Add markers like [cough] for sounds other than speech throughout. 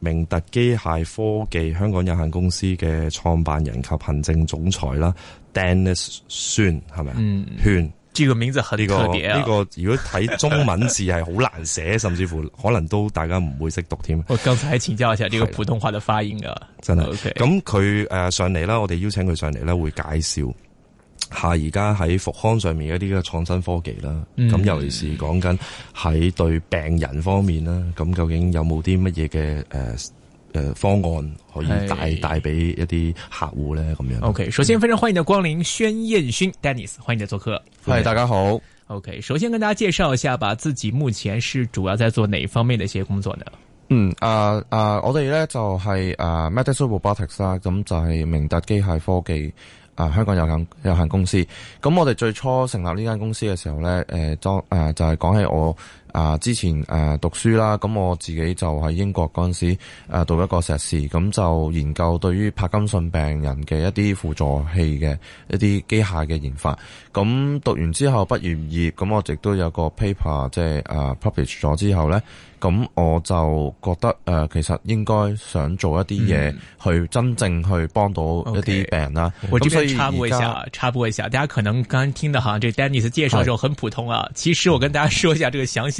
明特機械科技香港有限公司嘅創辦人及行政總裁啦，Dennis Sun 係咪啊？嗯、圈，這個、這個名字很特別啊、呢個呢個，如果睇中文字係好難寫， [laughs] 甚至乎可能都大家唔會識讀添。 [laughs] 我剛才請教一下呢個普通話的發音噶、啊。真係。OK。咁佢誒上嚟啦，我哋邀請佢上嚟咧，會介紹。下而家喺復康上面一啲嘅創新科技啦，咁尤其是講緊喺對病人方面啦，咁究竟有冇啲乜嘢嘅誒誒方案可以帶帶俾一啲客戶咧？咁嘿樣。O K，首先非常歡迎你光臨禤彥勳 Dennis，歡迎你做客。Hi，大家好。O、okay, K，首先跟大家介紹一下吧，自己目前是主要在做哪方面嘅一些工作呢？嗯，啊、呃、啊、呃，我哋咧就係啊 Medical Robotics 啦，咁、呃、就係明特機械科技。啊！香港有限有限公司，咁我哋最初成立呢間公司嘅時候咧，誒、呃，當誒、呃、就係、是、講起我。啊，之前誒讀書啦，咁我自己就喺英國嗰陣時誒讀一個碩士，咁就研究對於柏金遜病人嘅一啲輔助器嘅一啲機械嘅研發，咁讀完之後，畢完業，咁我亦都有個 paper 即係誒 publish 咗之後咧，咁我就覺得誒、呃、其實應該想做一啲嘢去真正去幫到一啲病人啦。咁所以插播一下，插播一下，大家可能剛聽到吓，哈，這 Dennis 介紹嘅時候很普通啊。是其實我跟大家說一下這個詳細。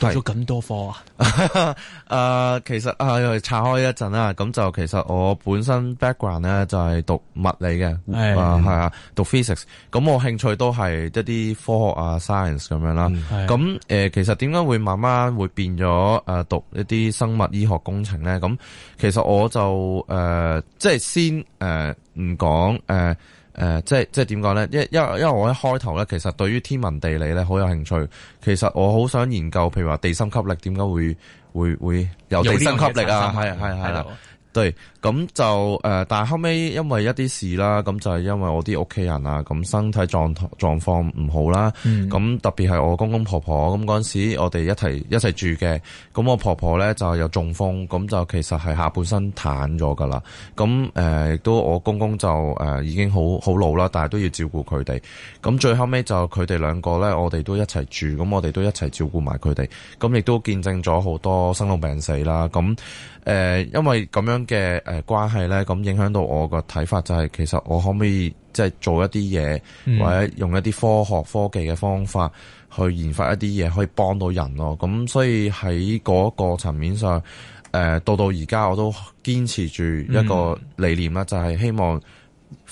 讀咗咁多科啊！ [laughs] 啊，其實啊，拆開一陣啦，咁就其實我本身 background 咧，就係、是、讀物理嘅，啊係的啊，讀 physics，咁我興趣都係一啲科學啊 science 咁樣啦。咁誒、嗯呃，其實點解會慢慢會變咗誒、呃，讀一啲生物醫學工程咧？咁其實我就誒、呃，即係先誒，唔講誒。誒、呃，即係即係點講咧？因因為因為我一開頭咧，其實對於天文地理咧好有興趣。其實我好想研究，譬如話地心吸力點解會會會有地心吸力啊？係係係啦。對，咁就誒、呃，但係後尾因為一啲事啦，咁就係因為我啲屋企人啊，咁身體狀狀況唔好啦，咁、嗯、特別係我公公婆婆婆，咁陣時我哋一齊一齊住嘅，咁我婆婆咧就有中風，咁就其實係下半身癱咗噶啦，咁誒亦都我公公就誒、呃、已經好好老啦，但係都要照顧佢哋，咁最後尾就佢哋兩個咧，我哋都一齊住，咁我哋都一齊照顧埋佢哋，咁亦都見證咗好多生老病死啦，咁誒、呃、因為咁樣。嘅誒關係呢，咁影響到我個睇法就係，其實我可唔可以即係做一啲嘢，嗯、或者用一啲科學科技嘅方法去研發一啲嘢，可以幫到人咯。咁所以喺嗰個層面上，誒、呃、到到而家我都堅持住一個理念啦，嗯、就係希望，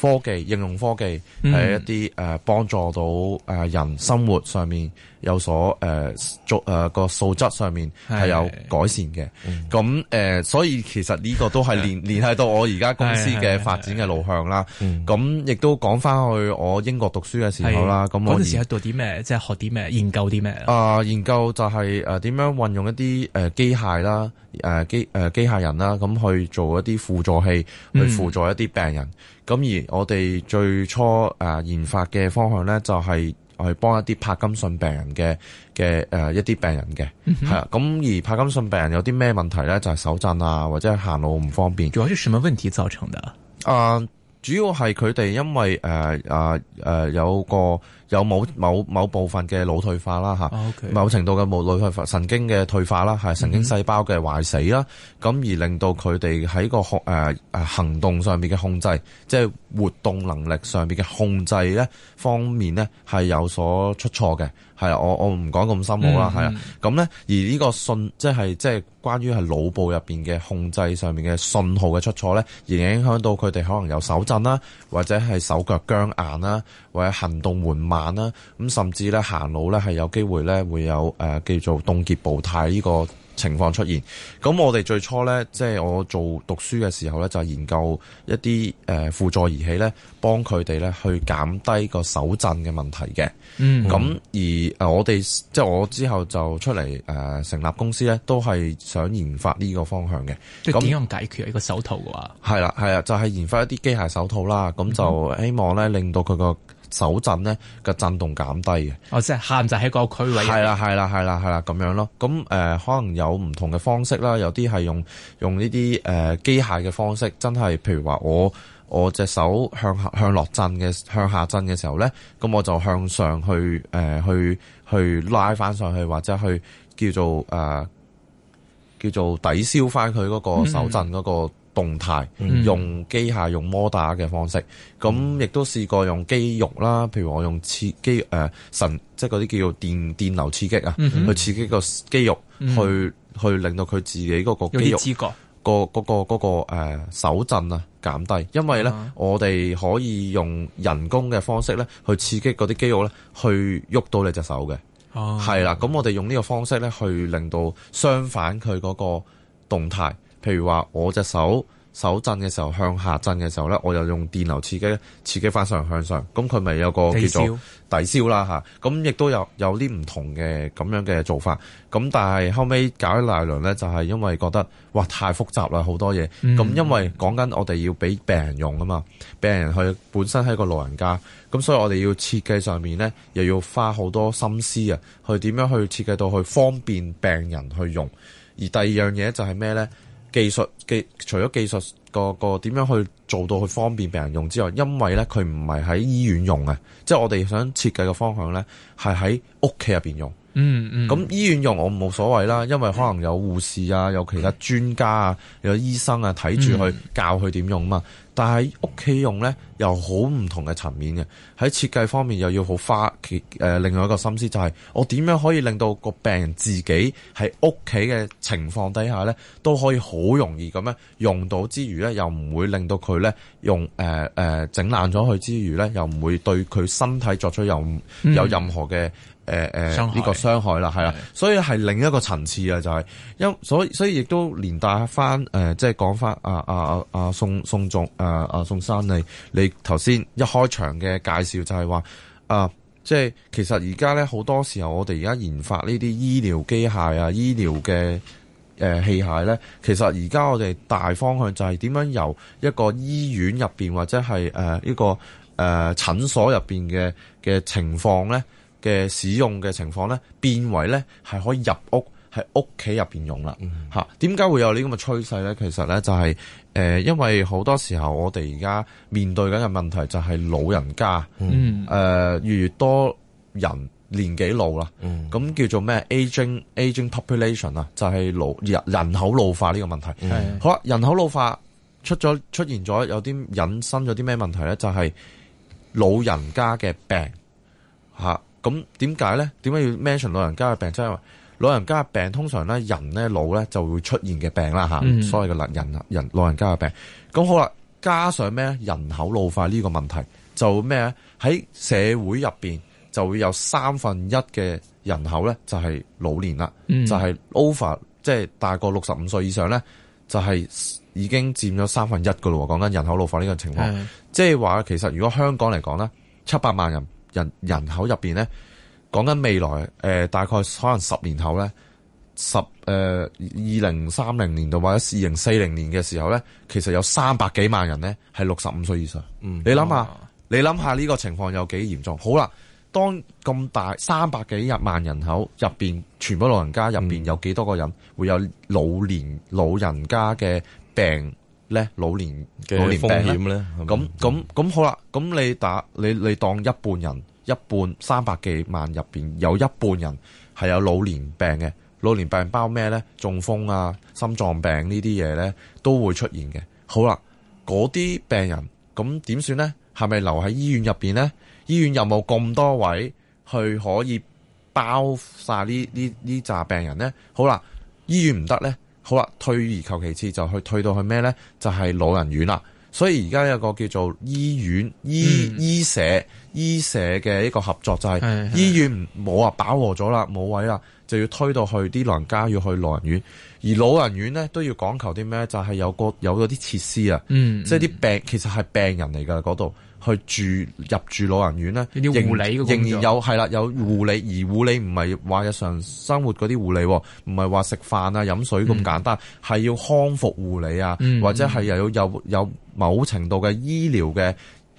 科技應用科技係一啲誒幫助到誒、呃、人生活上面有所誒、呃、做誒個、呃、素質上面係有改善嘅，咁誒所以其實呢個都係連聯、嗯、係到我而家公司嘅發展嘅路向啦。咁、嗯、亦都講翻去我英國讀書嘅時候啦。咁嗰陣時喺度啲咩？即、就、係、是、學啲咩？研究啲咩？啊、呃，研究就係誒點樣運用一啲誒機械啦，誒機誒機械人啦，咁、嗯啊、去做一啲輔助器去輔助一啲病人。嗯咁而我哋最初誒研發嘅方向咧，就係去幫一啲柏金遜病人嘅嘅誒一啲病人嘅，係啊、嗯哼。咁而柏金遜病人有啲咩問題咧？就係、是、手震啊，或者係行路唔方便。仲有啲什麼問題造成嘅？啊、呃，主要係佢哋因為誒啊誒有個。有冇某某，某部分嘅腦退化啦嚇，某程度嘅冇腦退化，oh, okay. 神經嘅退化啦，係神經細胞嘅壞死啦，咁、mm hmm. 而令到佢哋喺個控誒誒行動上面嘅控制，即係活動能力上面嘅控制咧方面咧係有所出錯嘅，係啊，我我唔講咁深奧啦，係啊、mm，咁、hmm. 咧而呢個信即係即係。關於係腦部入邊嘅控制上面嘅信號嘅出錯咧，而影響到佢哋可能有手震啦，或者係手腳僵硬啦，或者行動緩慢啦，咁甚至咧行路咧係有機會咧會有誒、呃、叫做凍結步態呢個情況出現，咁我哋最初咧，即係我做讀書嘅時候咧，就研究一啲誒輔助儀器咧，幫佢哋咧去減低個手震嘅問題嘅。嗯，咁而我哋即係我之後就出嚟誒成立公司咧，都係想研發呢個方向嘅。咁點樣解決一個手套嘅話？嗯嗯，係啦，係啊，就係研發一啲機械手套啦。咁就希望咧令到佢個。手震咧個震動減低嘅，哦，即係限就喺個區位，係啦，係啦，係啦，係啦咁樣咯。咁誒、呃，可能有唔同嘅方式啦，有啲係用用呢啲誒機械嘅方式，真係譬如話我我隻手向下向落震嘅向下震嘅時候咧，咁我就向上去誒、呃、去去拉翻上去或者去叫做誒、呃、叫做抵消翻佢嗰個手震嗰、嗰個。嗯動態用機械用摩打嘅方式，咁亦都試過用肌肉啦，譬如我用刺肌誒神，即係嗰啲叫做電電流刺激啊，嗯、哼去刺激個肌肉，嗯、哼去去令到佢自己嗰個肌肉、嗰個、嗰個、嗰個誒、嗰個、手震啊減低，因為呢，啊、我哋可以用人工嘅方式呢去刺激嗰啲肌肉呢，去喐到你隻手嘅，係啦、啊，咁我哋用呢個方式呢去令到相反佢嗰個動態。譬如話我隻手手震嘅時候向下震嘅時候咧，我又用電流刺激刺激翻上向上，咁佢咪有個消叫做抵消啦吓，咁、啊、亦都有有啲唔同嘅咁樣嘅做法，咁但係後尾搞咗廿輪咧，就係、是、因為覺得哇太複雜啦，好多嘢，咁、嗯、因為講緊我哋要俾病人用啊嘛，病人佢本身係個老人家，咁所以我哋要設計上面咧，又要花好多心思啊，去點樣去設計到去方便病人去用，而第二樣嘢就係咩咧？技術技，除咗技術個個點樣去做到去方便病人用之外，因為咧佢唔係喺醫院用嘅，即係我哋想設計嘅方向咧，係喺屋企入邊用。嗯嗯，咁、嗯、醫院用我冇所謂啦，因為可能有護士啊，有其他專家啊，有醫生啊睇住佢教佢點用嘛。但係屋企用咧，又好唔同嘅層面嘅。喺設計方面又要好花其誒、呃、另外一個心思，就係，就係我點樣可以令到個病人自己喺屋企嘅情況底下咧，都可以好容易咁樣用到之餘咧，又唔會令到佢咧用誒誒整爛咗佢之餘咧，又唔會對佢身體作出有有任何嘅。嗯誒誒，呢、呃呃、個傷害啦，係啦，是的 所以係另一個層次啊，就係、是、因所以所以亦都連帶翻誒、呃，即係講翻阿阿阿阿宋宋總誒阿宋生你，你頭先一開場嘅介紹就係話啊，即係其實而家咧好多時候我哋而家研發呢啲醫療機械啊、醫療嘅誒、呃、器械咧，其實而家我哋大方向就係點樣由一個醫院入邊或者係誒呢個誒、呃、診所入邊嘅嘅情況咧。嘅使用嘅情況咧，變為咧係可以入屋，喺屋企入邊用啦。吓、嗯，點解會有趨勢，呢啲咁嘅趨勢咧？其實咧就係、是、誒、呃，因為好多時候我哋而家面對緊嘅問題就係老人家，誒、嗯呃、越越多人年紀老啦，咁、嗯、叫做咩？aging aging population 啊，就係老人人口老化呢個問題。好啦，人口老化出咗出現咗有啲引申咗啲咩問題咧？就係、是、老人家嘅病吓。啊啊咁點解咧？點解要 mention 老人家嘅病？即係因為老人家嘅病通常咧，人咧老咧就會出現嘅病啦吓，嗯、所謂嘅老人人老人家嘅病。咁好啦，加上咩人口老化呢個問題就咩咧？喺社會入邊就會有三分一嘅人口咧就係老年啦，嗯、就係 over 即係大過六十五歲以上咧，就係已經佔咗三分一噶咯。講緊人口老化呢個情況，即係話其實如果香港嚟講咧，七百萬人。人人口入邊呢，講緊未來誒、呃，大概可能十年後呢，十誒，二零三零年度或者二零四零年嘅時候呢，其實有三百幾萬人呢係六十五歲以上。嗯，哦、你諗下，你諗下呢個情況有幾嚴重？好啦，當咁大三百幾廿萬人口入邊，全部老人家入邊有幾多個人會有老年老人家嘅病？咧老年嘅風險咧，咁咁咁好啦，咁你打你你當一半人一半三百幾萬入邊有一半人係有老年病嘅，老年病包咩咧？中風啊、心臟病呢啲嘢咧都會出現嘅。好啦，嗰啲病人咁點算咧？係咪留喺醫院入邊咧？醫院有冇咁多位去可以包晒呢呢呢扎病人咧？好啦，醫院唔得咧。好啦，退而求其次就去退到去咩呢？就係、是、老人院啦。所以而家有個叫做醫院醫、嗯、醫社醫社嘅一個合作，就係、是、醫院唔冇啊，飽、嗯、和咗啦，冇位啦，就要推到去啲老人家要去老人院。而老人院呢，都要講求啲咩？就係、是、有個有啲設施啊，即係啲病其實係病人嚟噶嗰度去住入住老人院咧，仍然有係啦，有護理，是的 而護理唔係話日常生活嗰啲護理，唔係話食飯啊、飲水咁簡單，係、嗯、要康復護理啊，嗯、或者係又要有有某程度嘅醫療嘅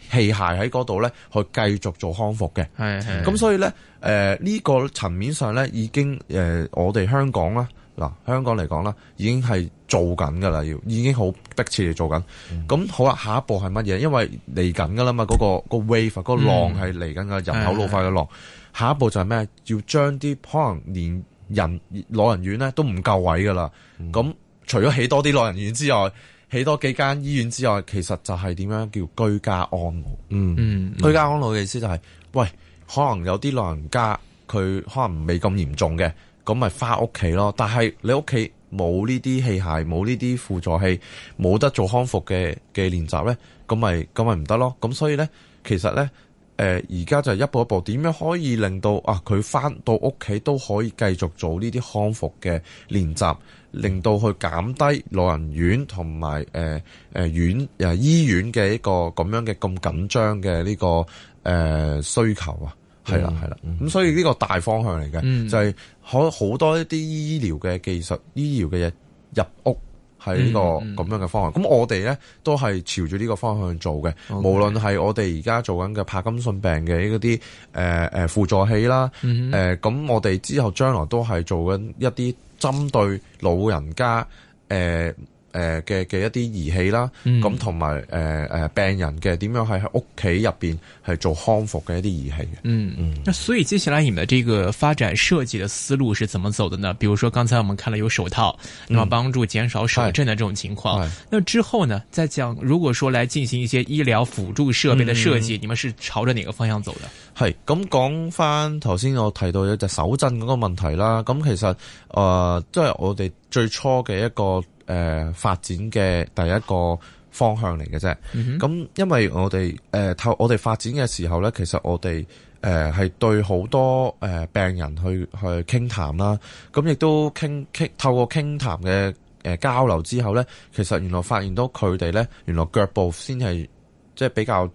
器械喺嗰度咧，去繼續做康復嘅。係係。咁所以咧，誒、呃、呢、呢個層面上咧，已經誒、呃、我哋香港啦。嗱，香港嚟講啦，已經係做緊噶啦，要已經迫、嗯、好迫切嚟做緊。咁好啦，下一步係乜嘢？因為嚟緊噶啦嘛，嗰、嗰個嗰個 wave、個浪係嚟緊嘅人口老化嘅浪。嗯、下一步就係咩？要將啲可能連人老人院咧都唔夠位噶啦。咁、嗯、除咗起多啲老人院之外，起多幾間醫院之外，其實就係點樣叫居家安老？嗯，嗯居家安老嘅意思就係、係，喂，可能有啲老人家佢可能未咁嚴重嘅。咁咪翻屋企咯，但係你屋企冇呢啲器械，冇呢啲輔助器，冇得做康復嘅嘅練習咧，咁咪咁咪唔得咯。咁所以咧，其實咧，誒而家就一步一步，點樣可以令到啊佢翻到屋企都可以繼續做呢啲康復嘅練習，令到去減低老人院同埋誒誒院誒醫院嘅一個咁樣嘅咁緊張嘅呢個誒、呃、需求啊。係啦，係啦、mm，咁、hmm. 所以呢個大方向嚟嘅，mm hmm. 就係可好多一啲醫療嘅技術、醫療嘅嘢入屋，喺呢個咁樣嘅方向。咁、mm hmm. 我哋咧都係朝住呢個方向做嘅，Okay. 無論係我哋而家做緊嘅帕金遜病嘅嗰啲誒誒輔助器啦，誒、mm，咁、hmm. 呃、我哋之後將來都係做緊一啲針對老人家誒。呃誒嘅嘅一啲儀器啦，咁同埋誒誒病人嘅，點樣喺屋企入邊係做康復嘅一啲儀器嘅。嗯嗯。嗯，所以接下來你們嘅這個發展設計嘅思路是怎麼走的呢？比如說剛才我們看了有手套，咁，啊，幫助減少手震嘅這種情況。是那之後呢，再講如果說來進行一些醫療輔助設備嘅設計，嗯、你們是朝着哪個方向走的？係咁講翻頭先我提到有隻手震嗰個問題啦。咁其實誒即係我哋最初嘅一個。誒、呃、發展嘅第一個方向嚟嘅啫，咁、mm hmm. 因為我哋誒、呃、透我哋發展嘅時候呢，其實我哋誒係對好多誒、呃、病人去去傾談啦，咁、啊、亦都傾傾透過傾談嘅誒、呃、交流之後呢，其實原來發現到佢哋呢，原來腳部先係即係比較。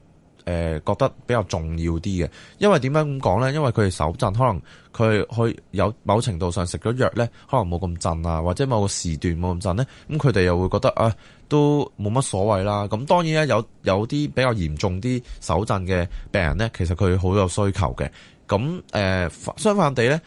誒、呃、覺得比較重要啲嘅，因為點解咁講呢？因為佢哋手震，可能佢佢有某程度上食咗藥呢，可能冇咁震啊，或者某個時段冇咁震呢。咁佢哋又會覺得啊、呃，都冇乜所謂啦。咁當然呢，有有啲比較嚴重啲手震嘅病人呢，其實佢好有需求嘅。咁誒、呃，相反地呢。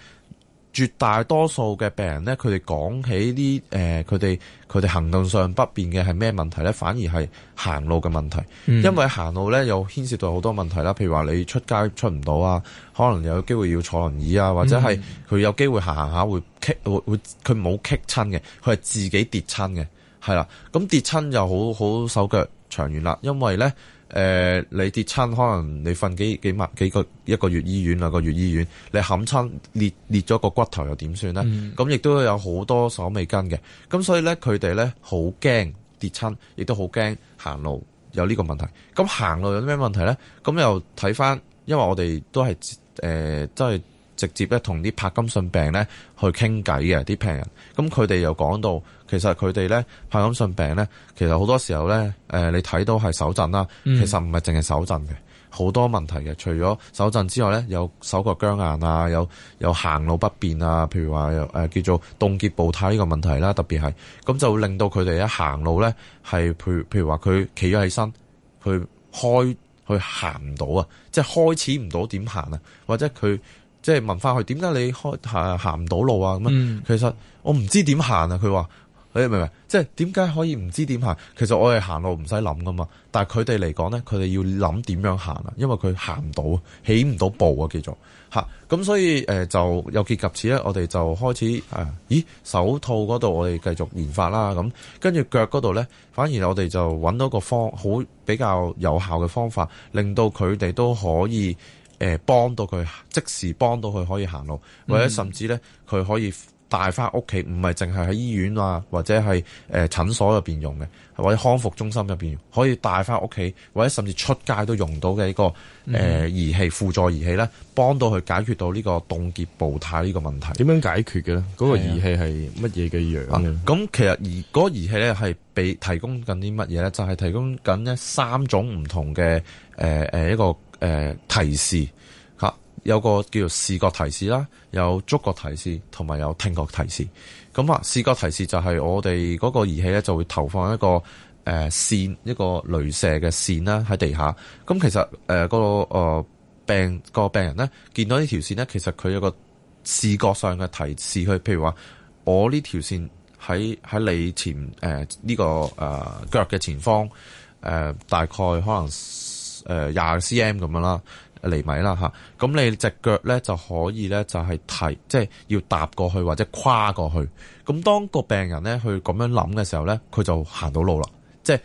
絕大多數嘅病人呢，佢哋講起呢，誒、呃，佢哋佢哋行動上不便嘅係咩問題呢？反而係行路嘅問題，嗯、因為行路呢，又牽涉到好多問題啦。譬如話你出街出唔到啊，可能有機會要坐輪椅啊，或者係佢有機會行行下會棘會會佢冇棘親嘅，佢係自己跌親嘅，係啦。咁跌親又好好手腳長遠啦，因為呢。誒、呃，你跌親可能你瞓幾幾晚幾個一個月醫院啦，個月醫院你冚親裂裂咗個骨頭又點算咧？咁亦、嗯、都有好多手尾跟嘅，咁所以咧佢哋咧好驚跌親，亦都好驚行路有呢個問題。咁行路有啲咩問題咧？咁又睇翻，因為我哋都係誒、呃，都係。直接咧同啲柏金遜病咧去傾偈嘅啲病人，咁佢哋又講到，其實佢哋咧柏金遜病咧，其實好多時候咧，誒、呃、你睇到係手震啦，其實唔係淨係手震嘅，好多問題嘅。除咗手震之外咧，有手腳僵硬啊，有有行路不便啊，譬如話誒、呃、叫做凍結步態呢個問題啦，特別係咁就令到佢哋一行路咧係，譬如譬如話佢企咗起身，佢開去行唔到啊，即係開始唔到點行啊，或者佢。即係問翻佢點解你開行行唔到路啊？咁樣其實我唔知點行啊！佢話你明唔明？即係點解可以唔知點行？其實我哋行路唔使諗噶嘛，但係佢哋嚟講咧，佢哋要諗點樣行啊，因為佢行唔到，起唔到步啊，叫做嚇。咁、啊、所以誒、呃、就有見及此咧，我哋就開始誒、啊，咦手套嗰度我哋繼續研發啦。咁跟住腳嗰度咧，反而我哋就揾到個方好比較有效嘅方法，令到佢哋都可以。誒，幫到佢即時幫到佢可以行路，或者甚至咧佢可以帶翻屋企，唔係淨係喺醫院啊，或者係誒診所入邊用嘅，或者康復中心入邊可以帶翻屋企，或者甚至出街都用到嘅一個誒儀器輔助儀器咧，幫到佢解決到呢個凍結步態呢個問題。點樣解決嘅咧？嗰個儀器係乜嘢嘅樣？咁，啊啊，其實儀嗰個儀器咧係提供緊啲乜嘢咧？就係提供緊呢三種唔同嘅誒誒一個。誒、呃，提示吓、啊，有個叫做視覺提示啦，有觸覺提示，同埋有，有聽覺提示。咁啊，視覺提示就係我哋嗰個儀器咧，就會投放一個誒、呃、線，一個鐳射嘅線啦喺地下。咁、嗯、其實誒，呃那個誒、呃、病、那個病人咧，見到條呢條線咧，其實佢有個視覺上嘅提示。佢譬如話，我呢條線喺喺你前誒呢、呃這個誒腳嘅前方，誒、呃、大概可能。誒，廿、呃、cm 咁樣啦，厘米啦，吓，咁、啊、你隻腳咧就可以咧就係、是，提，即、就、係、是，要踏過去或者跨過去。咁當個病人咧去咁樣諗嘅時候咧，佢就行到路啦。即係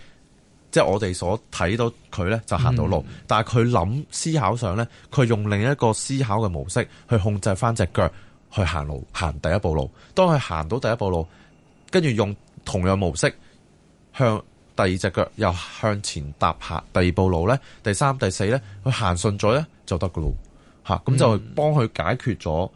即係我哋所睇到佢咧就行到路，嗯、但係佢諗思考上咧，佢用另一個思考嘅模式去控制翻隻腳去行路，行第一步路。當佢行到第一步路，跟住用同樣模式向。第二隻腳又向前踏下第二步路咧，第三第四咧，佢行順咗咧就得噶咯，吓，咁就幫佢解決咗誒、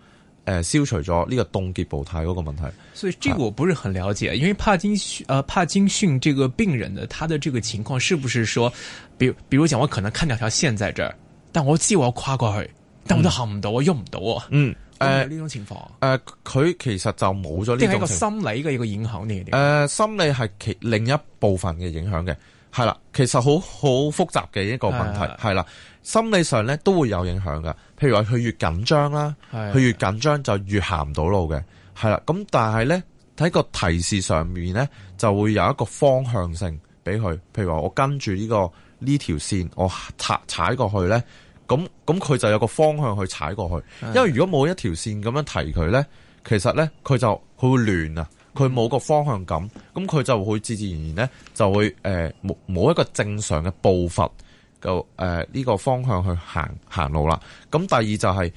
呃、消除咗呢個凍結步態嗰個問題。所以呢個我不是很了解，啊、因為帕金遜誒帕金遜這個病人呢，他的這個情況是不是說，比如比如講我可能看兩條線在這兒，但我知我要跨過去，但我都行唔到我喐唔到啊，嗯。誒，呢種情況，誒，佢其實就冇咗呢個心理嘅一個影響呢？誒，心理係其另一部分嘅影響嘅，係啦，其實好好複雜嘅一個問題，係啦，心理上咧都會有影響噶。譬如話佢越緊張啦，佢越緊張就越行唔到路嘅，係啦。咁但係咧喺個提示上面咧，就會有一個方向性俾佢。譬如話我跟住呢個呢條線，我踩踩過去咧。咁咁佢就有個方向去踩過去，因為如果冇一條線咁樣提佢呢，其實呢，佢就佢會亂啊，佢冇個方向感，咁佢就會自自然然呢，就會誒冇冇一個正常嘅步伐，就誒呢、呃呢個方向去行行路啦。咁第二就係、是、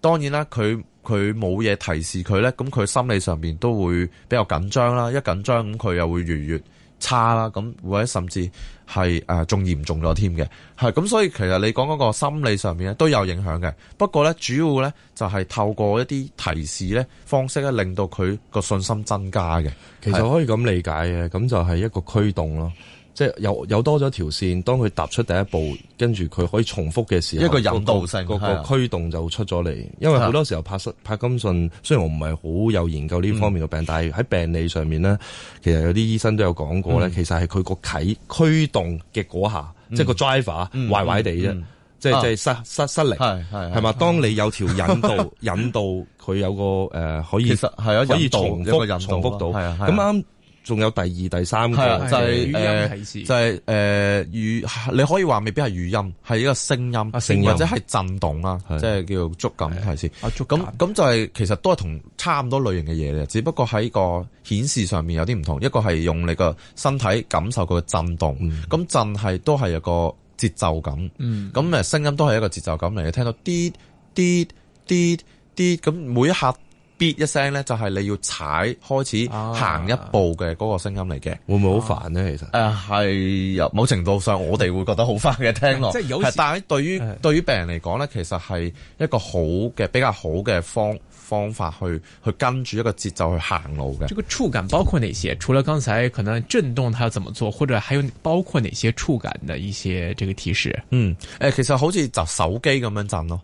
當然啦，佢佢冇嘢提示佢呢，咁佢心理上面都會比較緊張啦。一緊張咁佢又會越越。差啦，咁或者甚至係誒仲嚴重咗添嘅。係咁所以其實你講嗰個心理上面咧都有影響嘅，不過咧主要咧就係、是、透過一啲提示咧方式咧令到佢個信心增加嘅，其實可以咁理解嘅，咁是就係一個驅動咯。即係有有多咗條線，當佢踏出第一步，跟住佢可以重複嘅時候，一個引導性，個個驅動就出咗嚟。因為好多時候帕、帕金遜，雖然我唔係好有研究呢方面嘅病，但係喺病理上面咧，其實有啲醫生都有講過咧，其實係佢個啟驅動嘅嗰下，即係個 driver 壞壞地啫，即係即係失失失靈，係係嘛？當你有條引導引導佢有個誒可以，其實啊，可以重複重複到咁啱。仲有第二、第三個，就係語音提示，就係、是、誒、呃，語，你可以話未必係語音，係一個音、啊、聲音或者係震動啦，的即係叫觸感提示。咁咁的感就係、是、其實都係同差唔多類型嘅嘢嘅，只不過喺個顯示上面有啲唔同，一個係用你個身體感受佢嘅震動，咁、嗯、震係都係有個節奏感，咁誒聲音都係一個節奏感嚟，你聽到啲啲啲啲咁每一刻。嗶一聲咧，就係、是、你要踩開始行一步嘅嗰個聲音嚟嘅，啊，會唔會好煩呢？其實誒，係有某程度上我哋會覺得好煩嘅聽落，即係有。但係 [laughs] 對於對於病人嚟講咧，其實係一個好嘅比較好嘅方方法去去跟住一個節奏去行路嘅。這個觸感包括哪些？除了剛才可能震動，它要怎麼做？或者還有包括哪些觸感的一些這個提示？嗯，誒，其實好似就手機咁樣震咯。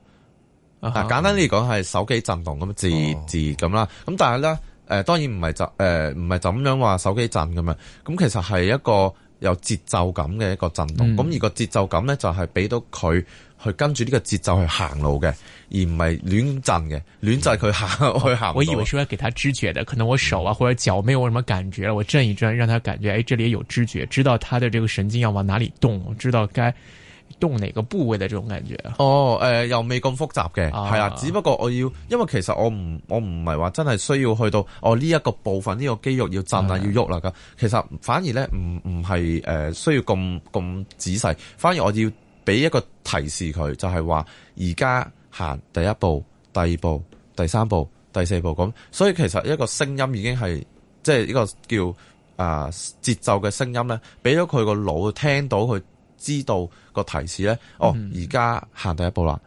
嗱、啊，簡單啲嚟講係手機震動咁樣，自自然咁啦。咁但係咧，誒當然唔係就誒唔係就咁樣話手機震咁樣。咁其實係一個有節奏感嘅一個震動。咁、嗯、而個節奏感咧就係俾到佢去跟住呢個節奏去行路嘅，嗯、而唔係亂震嘅。亂震佢行去行。我以為是要給他知覺嘅，可能我手啊或者腳沒有什麼感覺，我震一震，讓他感覺，哎，這裡有知覺，知道他的這個神經要往哪裡動，我知道該。用嚟個部位嘅呢種感覺。哦，誒、呃、又未咁複雜嘅，係啊，啊，只不過我要，因為其實我唔，我唔係話真係需要去到，哦呢一、呢個部分呢、呢個肌肉要震啦，要喐啦咁。是的 其實反而咧，唔唔係誒需要咁咁仔細，反而我要俾一個提示佢，就係話而家行第一步、第二步、第三步、第四步咁。所以其實一個聲音已經係，即係呢個叫啊、呃、節奏嘅聲音咧，俾咗佢個腦聽到佢。知道個提示咧，哦，而家行第一步啦，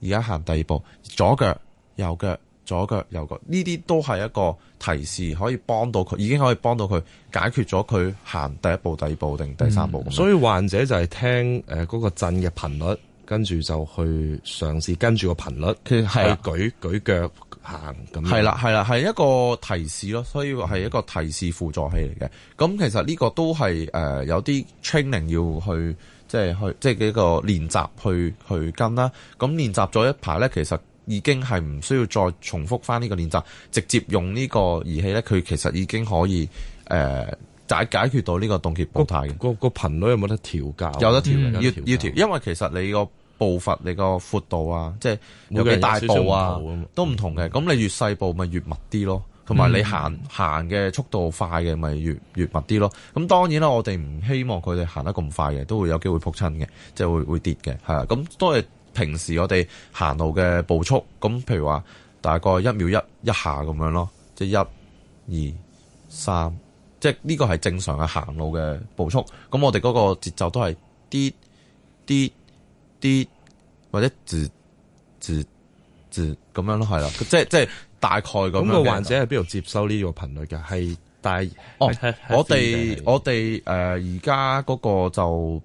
而家行第二步，左腳、右腳、左腳、右腳，呢啲都係一個提示，可以幫到佢，已經可以幫到佢解決咗佢行第一步、第二步定第三步。嗯、所以患者就係聽誒嗰個震嘅頻率，跟住就去嘗試跟住個頻率，佢係其實、係、啊、去舉舉腳。係啦，係啦，係一個提示咯，所以話係一個提示輔助器嚟嘅。咁其實呢個都係誒、呃、有啲 training 要去，即係去即係幾個練習去去跟啦。咁練習咗一排咧，其實已經係唔需要再重複翻呢個練習，直接用呢個儀器咧，佢其實已經可以誒解、呃、解決到呢個凍結步態嘅。個頻率有冇得調教？有得調，要要調，因為其實你個。步伐你個闊度啊，即係有幾大步啊，少少都唔同嘅。咁你越細步咪越密啲咯，同埋、嗯、你行行嘅速度快嘅咪越越密啲咯。咁當然啦，我哋唔希望佢哋行得咁快嘅，都會有機會撲親嘅，即係會會跌嘅，係啊。咁都係平時我哋行路嘅步速，咁譬如話大概一秒一一下咁樣咯，即係一、二、三，即係呢個係正常嘅行路嘅步速。咁我哋嗰個節奏都係啲啲。啲或者自自自咁樣咯，係啦，即係即係大概咁。咁個患者喺邊度接收呢個頻率嘅？係，但係哦，我哋我哋誒而家嗰個就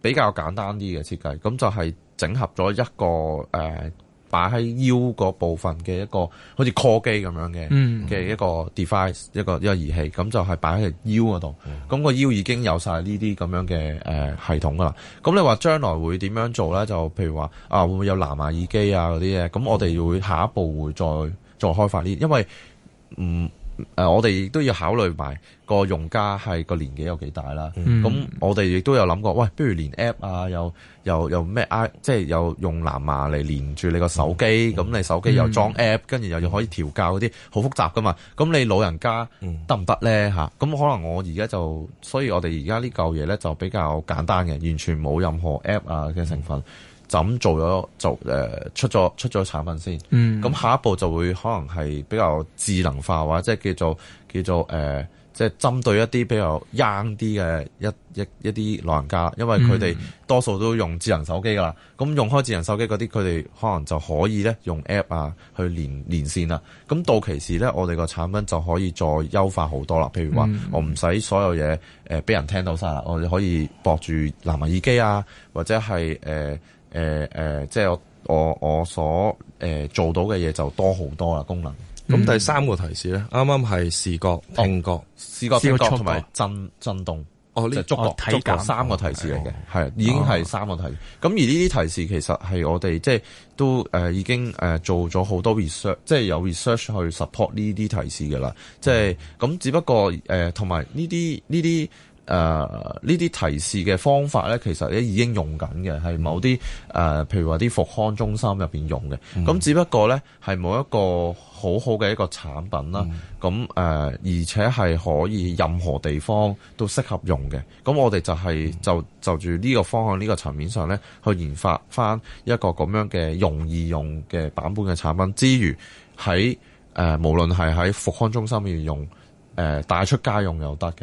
比較簡單啲嘅設計，咁就係整合咗一個誒。呃擺喺腰嗰部分嘅一個，好似 call 機咁樣嘅嘅、嗯、一個 device，一個一個儀器，咁就係擺喺腰嗰度。咁個腰已經有晒呢啲咁樣嘅誒系統噶啦。咁你話將來會點樣做咧？就譬如話啊，會唔會有藍牙耳機啊嗰啲嘢？咁我哋會下一步會再再開發呢？因為嗯。誒、呃，我哋亦都要考慮埋個用家係個年紀有幾大啦。咁、嗯、我哋亦都有諗過，喂，不如連 app 啊，又又又咩 I，即係又用藍牙嚟連住你個手機，咁、嗯、你手機又裝 app，跟住、嗯、又要可以調校嗰啲好複雜噶嘛。咁你老人家得唔得咧？吓、嗯，咁可能我而家就，所以我哋而家呢嚿嘢咧就比較簡單嘅，完全冇任何 app 啊嘅成分。嗯就咁做咗，就誒、呃、出咗出咗產品先。嗯，咁下一步就會可能係比較智能化，或者係叫做叫做誒即係針對一啲比較 young 啲嘅一一一啲老人家，因為佢哋多數都用智能手機噶啦。咁、嗯、用開智能手機嗰啲，佢哋可能就可以咧用 app 啊去連連線啦，咁到其時咧，我哋個產品就可以再優化好多啦。譬如話我唔使所有嘢誒俾人聽到晒啦，嗯、我哋可以駁住藍牙耳機啊，或者係誒。呃誒誒，即係我我我所誒做到嘅嘢就多好多喇功能。咁第三個提示咧，啱啱係視覺、聽覺、視覺、聽覺同埋震震動。哦，呢觸覺、觸覺三個提示嚟嘅，係已經係三個提示。咁而呢啲提示其實係我哋即係都誒已經誒做咗好多 research，即係有 research 去 support 呢啲提示嘅啦。即係咁，只不過誒同埋呢啲呢啲。誒呢啲提示嘅方法呢，其實呢已經用緊嘅，係、嗯、某啲誒、呃，譬如話啲復康中心入邊用嘅。咁、嗯、只不過呢，係冇一個好好嘅一個產品啦。咁誒、嗯，而且係可以任何地方都適合用嘅。咁我哋就係就就住呢個方向、呢、呢個層面上呢，去研發翻一個咁樣嘅容易用嘅版本嘅產品，之餘喺誒、呃，無論係喺復康中心要用，誒、呃、帶出家用又得嘅。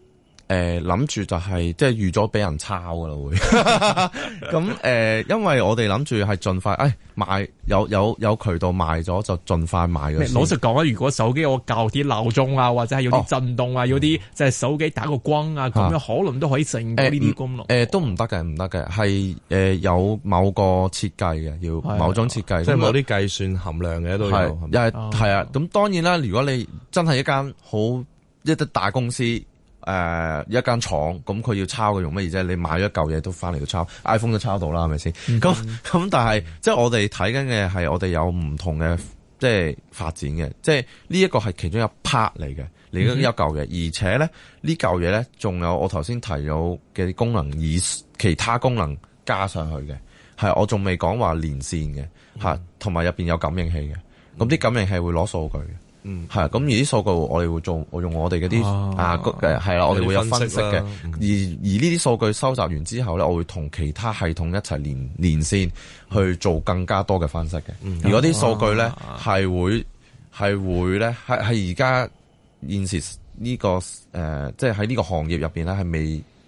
誒，諗住就係、是、即係預咗俾人抄噶啦，會咁誒，因為我哋諗住係盡快，誒賣有有有渠道賣咗就盡快賣咗。老實講啊，如果手機我校啲鬧鐘啊，或者係有啲震動，哦就是、啊，有啲即係手機打個光啊，咁樣可能都可以剩呢啲功能。誒，都唔得嘅，唔得嘅，係誒有某個設計嘅，要唉某種設計，即係某啲計算含量嘅都要。係係啊，咁當然啦，如果你真係一間好一啲大公司。誒、呃，一間廠咁佢要抄佢用乜嘢啫？你買咗一舊嘢都翻嚟去抄 [noise] ，iPhone 都抄到啦，係咪先？咁咁、mm hmm. 但係，即係我哋睇緊嘅係我哋有唔同嘅即係發展嘅，即係呢一個係其中一 part 嚟嘅，嚟一舊嘢。Hmm. 而且咧呢舊嘢咧仲有我頭先提到嘅功能以其他功能加上去嘅，係我仲未講話連線嘅吓，同埋入邊有感應器嘅，咁啲感應器會攞數據。嗯，係啊，咁而啲數據我哋會做，我用我哋嗰啲啊，係啦、啊，我哋會有分析嘅、嗯。而而呢啲數據收集完之後咧，我會同其他系統一齊連連線，去做更加多嘅分析嘅。嗯、而嗰啲數據咧係、啊、會係會咧係係而家現時呢、這個誒，即係喺呢個行業入邊咧係未。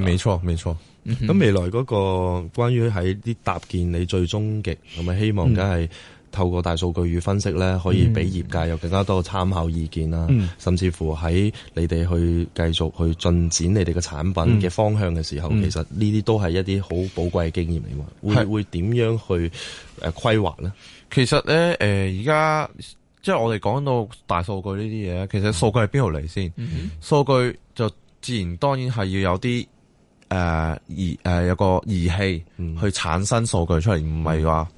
冇錯，冇錯。咁、嗯、哼未來嗰個關於喺啲搭建，你最終極咁埋希望，梗係透過大數據與分析咧，可以俾業界有更加多參考意見啦。嗯、哼甚至乎喺你哋去繼續去進展你哋嘅產品嘅方向嘅時候，其實呢啲都係一啲好寶貴嘅經驗嚟嘛。會會點樣去誒規劃咧？其實咧，誒而家即係我哋講到大數據呢啲嘢，其實數據係邊度嚟先？嗯、哼數據就自然當然係要有啲。誒，儀誒、呃，有、呃、個儀器去產生數據出嚟，唔係話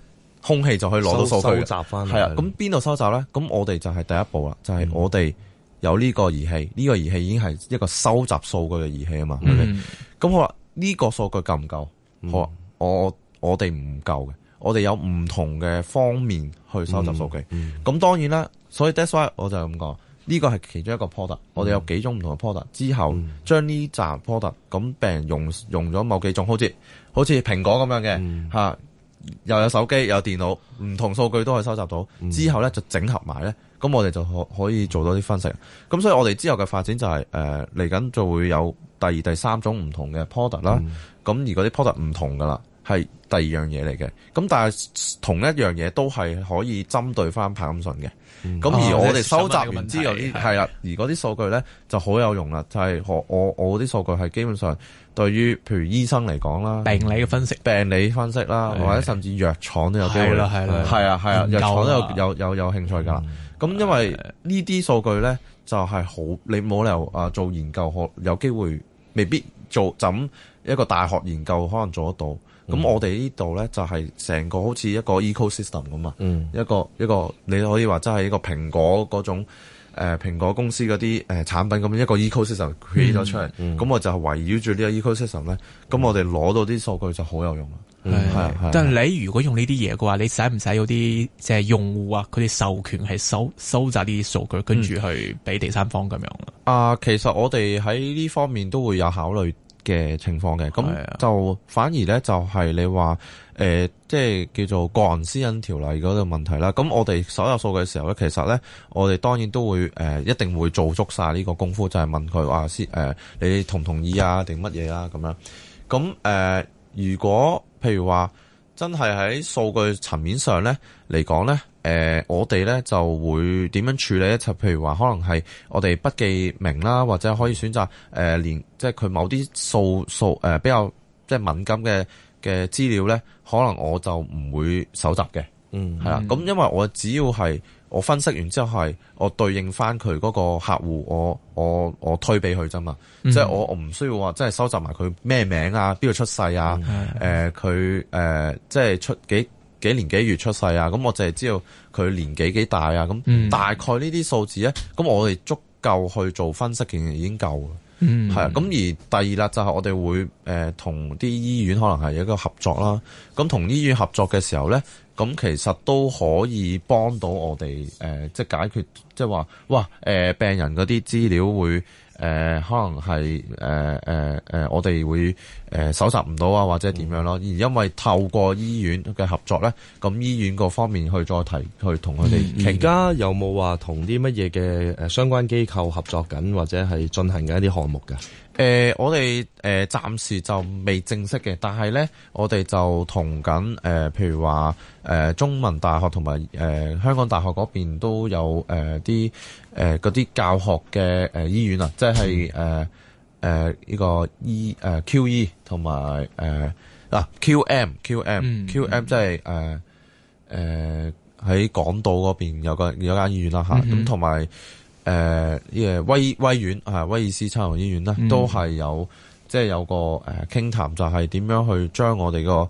空氣就可以攞到數據收，收集翻嚟係啊。咁邊度收集咧？咁我哋就係第一步啦，就係、是、我哋有呢個儀器，呢、這個儀器已經係一個收集數據嘅儀器啊嘛。咁、嗯、好話呢、這個數據夠唔夠？好，我我哋唔夠嘅，我哋有唔同嘅方面去收集數據。咁、嗯嗯、當然啦，所以 that's why 我就咁講。呢個係其中一個 product，、嗯、我哋有幾種唔同嘅 product，之後將呢紮 product 咁並用用咗某幾種，好似好似蘋果咁樣嘅吓、嗯，又有手機有電腦，唔同數據都可以收集到，之後呢，就整合埋呢咁我哋就可可以做到啲分析。咁、嗯、所以我哋之後嘅發展就係誒嚟緊就會有第二第三種唔同嘅 product 啦。咁、嗯、而嗰啲 product 唔同噶啦。係第二樣嘢嚟嘅，咁但係同一樣嘢都係可以針對翻柏金遜嘅。咁而我哋收集完之後啲係啦，而嗰啲數據咧就好有用啦。就係我我我啲數據係基本上對於譬如醫生嚟講啦，病理嘅分析，病理分析啦，或者甚至藥廠都有機會啦，係啦係啊係啊，藥廠都有有有有興趣噶。咁因為呢啲數據咧就係好你冇理由啊做研究，學有機會未必做就咁一個大學研究可能做得到。咁、嗯、我哋呢度咧就係、是、成個好似一個 ecosystem 咁啊、嗯，一個一個你可以話真係一個蘋果嗰種誒蘋、呃、蘋果公司嗰啲誒產品咁一,一個 ecosystem create 咗、嗯嗯、出嚟，咁、嗯、我就係圍繞住呢個 ecosystem 咧、嗯，咁我哋攞到啲數據就好有用啦。係係、嗯，但係你如果用呢啲嘢嘅話，你使唔使有啲即係用戶啊？佢哋授權係收收集啲數據，跟住、嗯、去俾第三方咁樣啊？啊，其實我哋喺呢方面都會有考慮。嘅情況嘅，咁就反而咧就係你話誒、呃，即係叫做個人私隱條例嗰個問題啦。咁我哋所有數據嘅時候咧，其實咧我哋當然都會誒、呃，一定會做足晒呢個功夫，就係、是、問佢話先誒，你同唔同意啊，定乜嘢啊咁樣。咁、呃、誒，如果譬如話，真係喺數據層面上呢嚟講呢，誒、呃、我哋呢就會點樣處理呢？就譬如話，可能係我哋不記名啦，或者可以選擇誒、呃、連即係佢某啲數數誒、呃、比較即係敏感嘅嘅資料呢，可能我就唔會搜集嘅。嗯，係啦的，咁、嗯、因為我只要係。我分析完之後係我對應翻佢嗰個客戶，我我我推俾佢啫嘛，即係我我唔需要話，即係收集埋佢咩名啊，邊度出世啊，誒佢誒即係出幾幾年幾月出世啊，咁我淨係知道佢年紀幾大啊，咁大概呢啲數字咧，咁我哋足夠去做分析，其實已經夠。嗯，係啊，咁而第二啦，就係、是、我哋會誒同啲醫院可能係一個合作啦。咁同醫院合作嘅時候咧，咁其實都可以幫到我哋誒、呃，即係解決，即係話，哇誒、呃，病人嗰啲資料會誒、呃，可能係誒誒誒，我哋會。誒、呃、搜集唔到啊，或者點樣咯？而因為透過醫院嘅合作呢，咁、嗯、醫院嗰方面去再提，去同佢哋。其家、嗯嗯、有冇話同啲乜嘢嘅誒相關機構合作緊或者係進行嘅一啲項目噶？誒、呃，我哋誒暫時就未正式嘅，但係咧，我哋就同緊誒譬如話誒、呃、中文大學同埋誒香港大學嗰邊都有誒啲誒嗰啲教學嘅誒、呃、醫院啊，即係誒。嗯誒，呢個 E 誒 QE 同埋誒嗱 QM、QM、QM，即係誒誒喺港島嗰邊有個有間醫院啦吓，咁同埋誒呢個威威院吓威爾斯綜合醫院咧，都係有即係有個誒傾談，就係點樣去將我哋個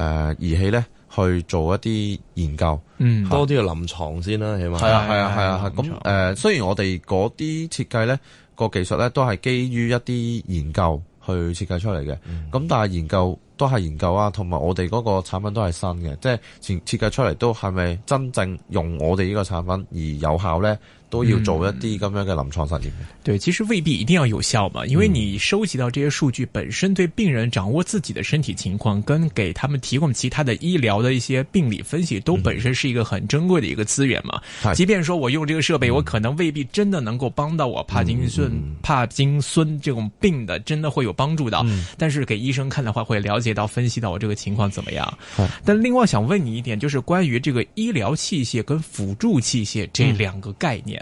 誒儀器咧去做一啲研究，多啲嘅臨床先啦，起碼。係啊係啊係啊，咁誒雖然我哋嗰啲設計咧。個技術咧都係基於一啲研究去設計出嚟嘅，咁、嗯、但係研究都係研究啊，同埋我哋嗰個產品都係新嘅，即係設計出嚟都係咪真正用我哋呢個產品而有效咧？都要做一啲咁樣嘅臨床實驗。對，其實未必一定要有效嘛，因為你收集到這些數據本身，對病人掌握自己的身體情況，跟給他們提供其他的醫療的一些病理分析，都本身是一個很珍貴的一個資源嘛。即便說我用這個設備，我可能未必真的能夠幫到我帕金遜帕金森這種病的，真的會有幫助到。但是給醫生看的話，會了解到分析到我這個情況怎麼樣。但另外想問你一點，就是關於這個醫療器械跟輔助器械這兩個概念。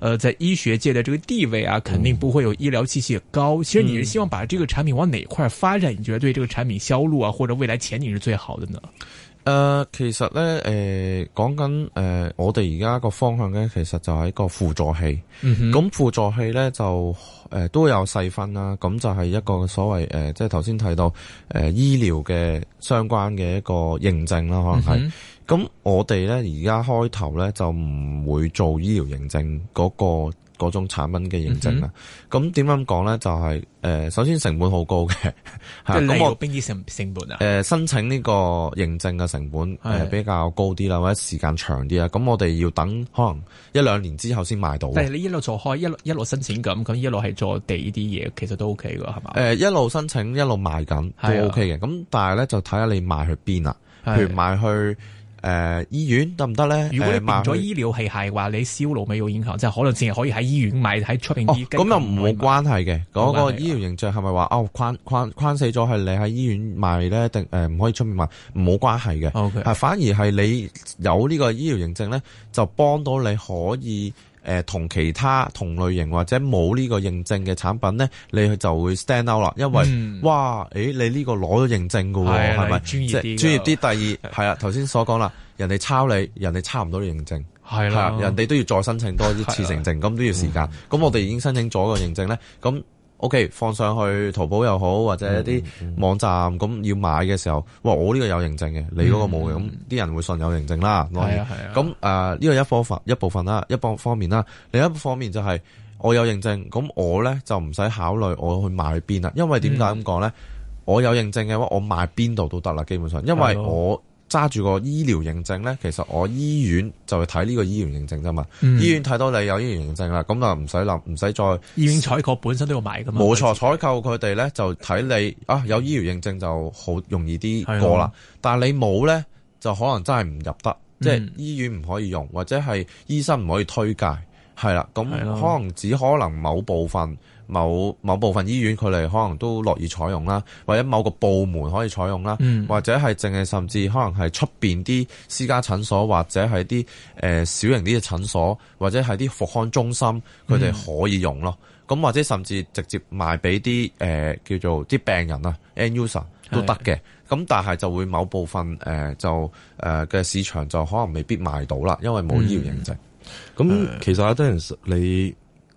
呃，在醫學界的這個地位啊，肯定不會有醫療器械高。嗯、其實，你是希望把這個產品往哪塊發展？嗯、你覺得對這個產品銷路啊，或者未來前景是最好的呢？呃，其實呢，誒、呃，講緊誒、呃，我哋而家個方向呢，其實就係一個輔助器。咁、嗯、哼輔助器呢，就誒、呃、都有細分啦、啊。咁就係一個所謂誒、呃，即係頭先提到誒、呃呃，醫療嘅相關嘅一個認證啦，可能係、嗯。嗯咁我哋咧而家開頭咧就唔會做醫療認證嗰個嗰種產品嘅認證啦。咁點樣講咧？就係誒，首先成本好高嘅。即係邊啲成成本啊？誒，申請呢個認證嘅成本誒比較高啲啦，或者時間長啲啦。咁我哋要等可能一兩年之後先賣到。你一路做開，一路一路申請緊，咁一路係做地啲嘢，其實都 O K 噶，係嘛？誒，一路申請一路賣緊都 O K 嘅。咁但係咧就睇下你賣去邊啦。譬如賣去。誒、呃，醫院得唔得咧？可可呢如果你變咗醫療器械，話你燒腦未有影響，即係可能淨係可以喺醫院買，喺出邊哦，咁又唔冇關係嘅。嗰 Okay. 個醫療認證係咪話哦框框框死咗係你喺醫院賣咧，定誒唔可以出面賣？冇關係嘅。O K，係反而係你有呢個醫療認證咧，就幫到你可以。誒同其他同類型或者冇呢個認證嘅產品呢，你就會 stand out 啦，因為、嗯、哇，誒、欸、你呢個攞咗認證嘅喎，係咪的？是是專業啲，專業啲。 [laughs] 第二係啊，頭先所講啦，人哋抄你，人哋抄唔到認證，係啦的，的人哋都要再申請多啲次認證，咁的、嗯、都要時間。咁、嗯、我哋已經申請咗個認證呢。咁。O.K. 放上去淘寶又好，或者一啲網站咁要買嘅時候，嗯、哇！我呢個有認證嘅，嗯、你嗰個冇嘅，咁啲、嗯、人會信有認證啦。係啊係啊。咁誒呢個一,一部分一部分啦，一方面啦。另一方面就係、是、我有認證，咁我咧就唔使考慮我去買邊啦。因為點解咁講咧？嗯、我有認證嘅話，我買邊度都得啦，基本上，因為我。揸住個醫療認證呢，其實我醫院就會睇呢個醫療認證啫嘛。嗯、醫院睇到你有醫療認證啦，咁就唔使諗，唔使再。醫院採購本身都要買噶嘛。冇錯，採購佢哋呢，就睇你啊，有醫療認證就好容易啲過啦。的但係你冇呢，就可能真係唔入得，嗯、即係醫院唔可以用，或者係醫生唔可以推介，係啦。咁可能只可能某部分。某某部分醫院佢哋可能都樂意採用啦，或者某個部門可以採用啦，或者係淨係甚至可能係出面啲私家診所，或者係啲誒小型啲嘅診所，或者係啲復康中心，佢哋可以用咯。咁或者甚至直接賣俾啲誒叫做啲病人啊，end user 都得嘅。咁但係就會某部分誒就誒嘅市場就可能未必賣到啦，因為冇醫療認證。咁其實有啲人你。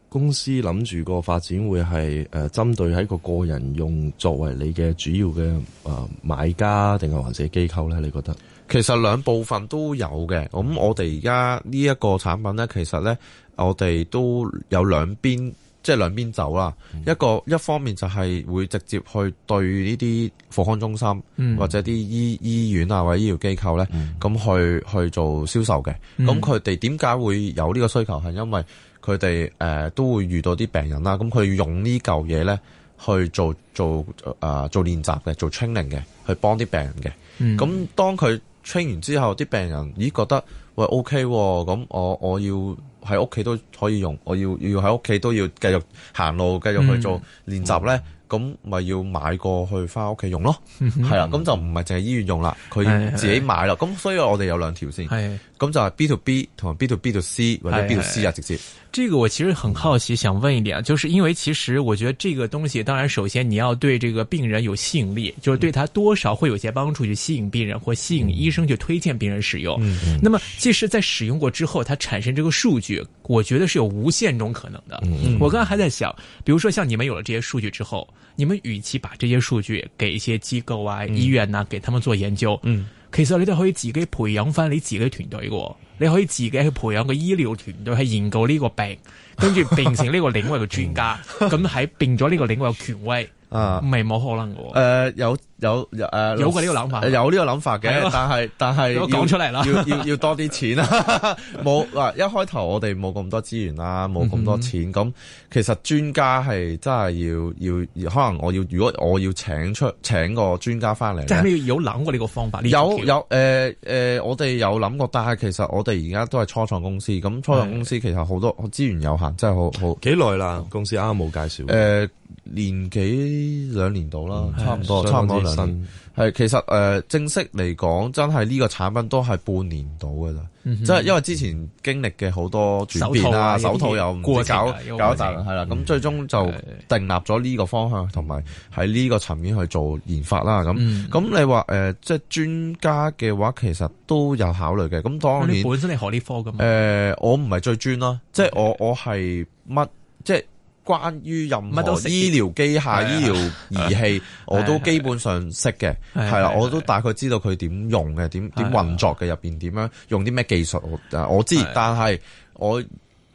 公司諗住個發展會係誒，針對喺個個人用作為你嘅主要嘅誒買家，定係或者機構咧？你覺得？其實兩部分都有嘅。咁我哋而家呢一個產品咧，其實咧我哋都有兩邊，即係兩邊走啦。嗯、一個一方面就係會直接去對呢啲復康中心、嗯、或者啲醫醫院啊，或者醫療機構咧，咁、嗯、去去做銷售嘅。咁佢哋點解會有呢個需求？係因為佢哋誒都會遇到啲病人啦，咁佢用呢嚿嘢咧去做做啊、呃、做練習嘅，做 training 嘅，去幫啲病人嘅。咁、嗯、當佢 train 完之後，啲病人咦覺得，喂 OK 咁，我我要喺屋企都可以用，我要要喺屋企都要繼續行路，繼續去做練習咧，咁咪、嗯、要買過去翻屋企用咯。係啦， [laughs] 咁就唔係淨係醫院用啦，佢自己買啦。咁的的所以我哋有兩條線。的咁就係 B to B 同埋 B to B to C 或者 B to C 啊，直接。這個我其實很好奇，想問一點，就是因為其實我覺得這個東西，當然首先你要對這個病人有吸引力，就是對他多少會有些幫助，去吸引病人或吸引醫生去推薦病人使用。嗯嗯，那麼即使在使用過之後，它產生這個數據，我覺得是有無限種可能的。嗯嗯，我剛才還在想，比如說像你們有了這些數據之後，你們與其把這些數據給一些機構啊、醫院呢、啊，嗯、給他們做研究，嗯其實你都可以自己培養翻你自己團隊㗎喎，你可以自己去培養個醫療團隊，去研究呢個病，跟住變成呢個領域嘅專家，咁喺 [laughs] 變咗呢個領域嘅權威，唔係冇可能嘅。誒、啊呃，有。有有誒，有過呢個諗法，有呢個諗法嘅，但係但係講出嚟啦，要要要多啲錢啦，冇啊！一開頭我哋冇咁多資源啦，冇咁多錢，咁其實專家係真係要要，可能我要如果我要請出請個專家翻嚟，就係要有諗過呢個方法。有有誒誒，我哋有諗過，但係其實我哋而家都係初創公司，咁初創公司其實好多資源有限，真係好好幾耐啦，公司啱啱冇介紹誒，年幾兩年度啦，差唔多，差唔多。係，其實誒，正式嚟講，真係呢個產品都係半年到噶啦，即係因為之前經歷嘅好多轉變啊，手套又固搞搞一陣，係啦，咁最終就訂立咗呢個方向，同埋喺呢個層面去做研發啦。咁咁你話誒，即係專家嘅話，其實都有考慮嘅。咁當你本身你學呢科噶嘛？誒，我唔係最專囉，即係我我係乜，即係。關於任何醫療機械、吃醫療儀器，我都基本上識嘅，係啦，我都大概知道佢點用嘅，點點 [laughs] [laughs] [laughs] 運作嘅，入邊點樣用啲咩技術，我我知， [laughs] [laughs] [laughs] [laughs] [laughs] 但係我。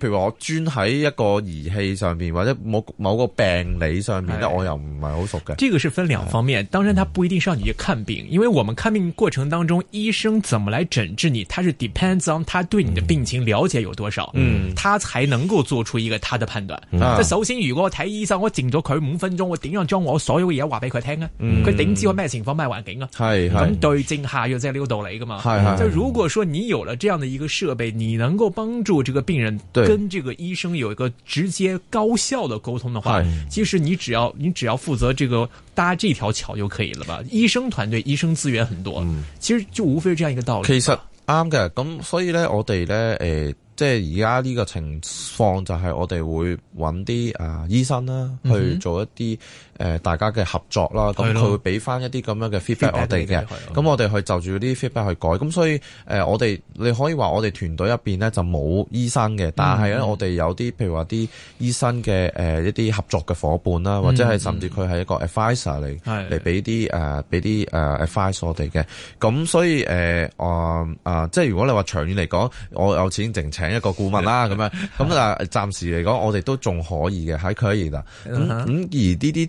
譬如我專喺一個儀器上面，或者某某個病理上面，咧，我又唔係好熟嘅。這個是分兩方面，當然，他不一定是讓你去看病，因為我們看病過程當中，醫生怎麼來診治你，他是 depends on 他對你的病情了解有多少，嗯，他才能夠做出一個他的判斷。即首先，如果我睇醫生，我靜咗佢五分鐘，我點樣將我所有嘅嘢話俾佢聽咧？佢點知我咩情況、咩環境啊？係咁對症下藥，即係呢個道理噶嘛？係係。就如果說你有了這樣的一個設備，你能夠幫助這個病人。跟這個醫生有一個直接高效的溝通的話，其實你只要你只要負責這個搭這條橋就可以了吧？醫生團隊、醫生資源很多，嗯、其實就無非是這樣一個道理。其實啱嘅，咁所以呢，我哋呢，誒、呃，即係而家呢個情況就係我哋會揾啲啊醫生啦去做一啲。嗯誒、呃、大家嘅合作啦，咁、嗯、佢、嗯、會俾翻一啲咁樣嘅 feedback 的我哋嘅，咁、嗯、我哋去就住啲 feedback 去改，咁所以誒、呃、我哋你可以話我哋團隊入邊咧就冇醫生嘅，但係咧、嗯、我哋有啲譬如話啲醫生嘅誒、呃、一啲合作嘅伙伴啦，或者係甚至佢係一個 adviser 嚟嚟俾啲誒俾啲誒 advice 我哋嘅，咁所以誒啊啊即係如果你話長遠嚟講，我有錢淨請一個顧問啦咁 [laughs] 樣，咁啊暫時嚟講我哋都仲可以嘅喺佢嗰邊咁咁而啲啲。